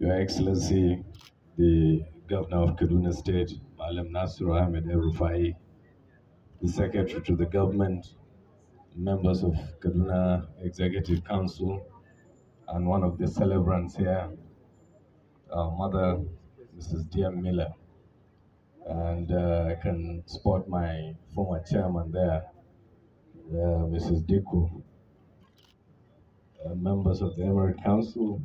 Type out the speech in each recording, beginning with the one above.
Your Excellency, the Governor of Kaduna State, Malam Nasir Ahmed El the Secretary to the Government, members of Kaduna Executive Council, and one of the celebrants here, our mother, Mrs. D.M. Miller. And uh, I can spot my former chairman there, uh, Mrs. Diku, uh, members of the Emirate Council,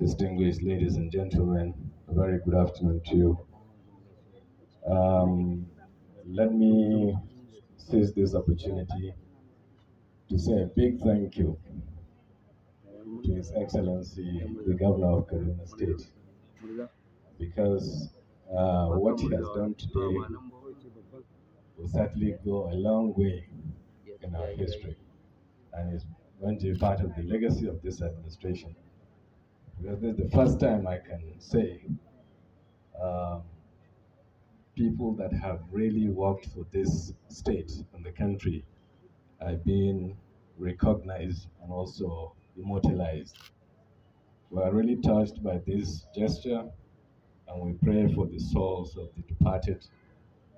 distinguished ladies and gentlemen, a very good afternoon to you. Um, let me seize this opportunity to say a big thank you to His Excellency, the Governor of Kaduna State, because uh, what he has done today will certainly go a long way in our history and is going to be part of the legacy of this administration because this is the first time I can say um, people that have really worked for this state and the country are being recognized and also immortalized. We are really touched by this gesture and we pray for the souls of the departed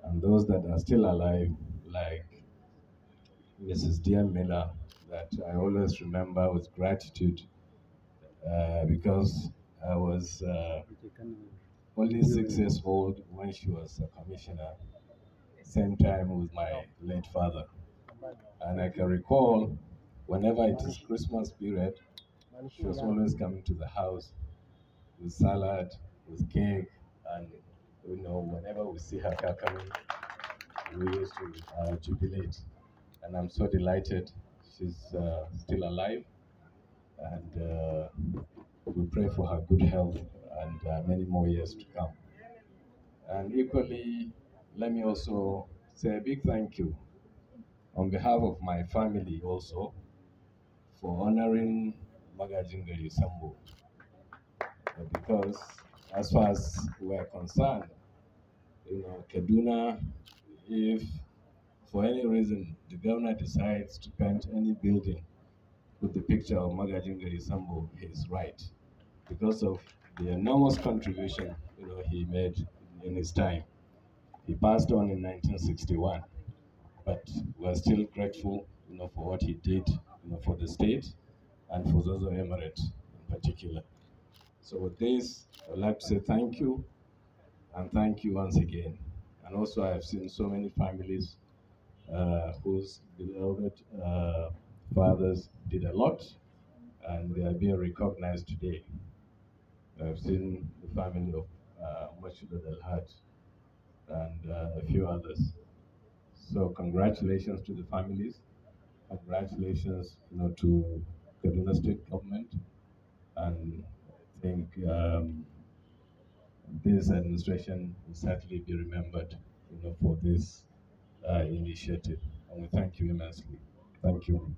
and those that are still alive, like Mrs. Dear Miller, that I always remember with gratitude uh, because I was uh, only six years old when she was a commissioner, same time with my late father. And I can recall whenever it is Christmas period, she was always coming to the house with salad, with cake, and you know, whenever we see her coming, we used to uh, jubilate. And I'm so delighted she's uh, still alive. And uh, pray for her good health and uh, many more years to come. And equally, let me also say a big thank you on behalf of my family also for honoring Magajinga Yusambu. Because as far as we're concerned, you know, Kaduna, if for any reason the governor decides to paint any building with the picture of Magajinga Yusambu, he's right because of the enormous contribution you know, he made in his time. He passed on in 1961, but we're still grateful you know, for what he did you know, for the state and for Zozo Emirate Emirates in particular. So with this, I'd like to say thank you, and thank you once again. And also, I have seen so many families uh, whose beloved uh, fathers did a lot, and they are being recognized today. I've seen the family of uh, Mashudad Al Haj and uh, a few others. So congratulations to the families. Congratulations, you know, to Kaduna State Government. And I think um, this administration will certainly be remembered, you know, for this uh, initiative. And we thank you immensely. Thank you.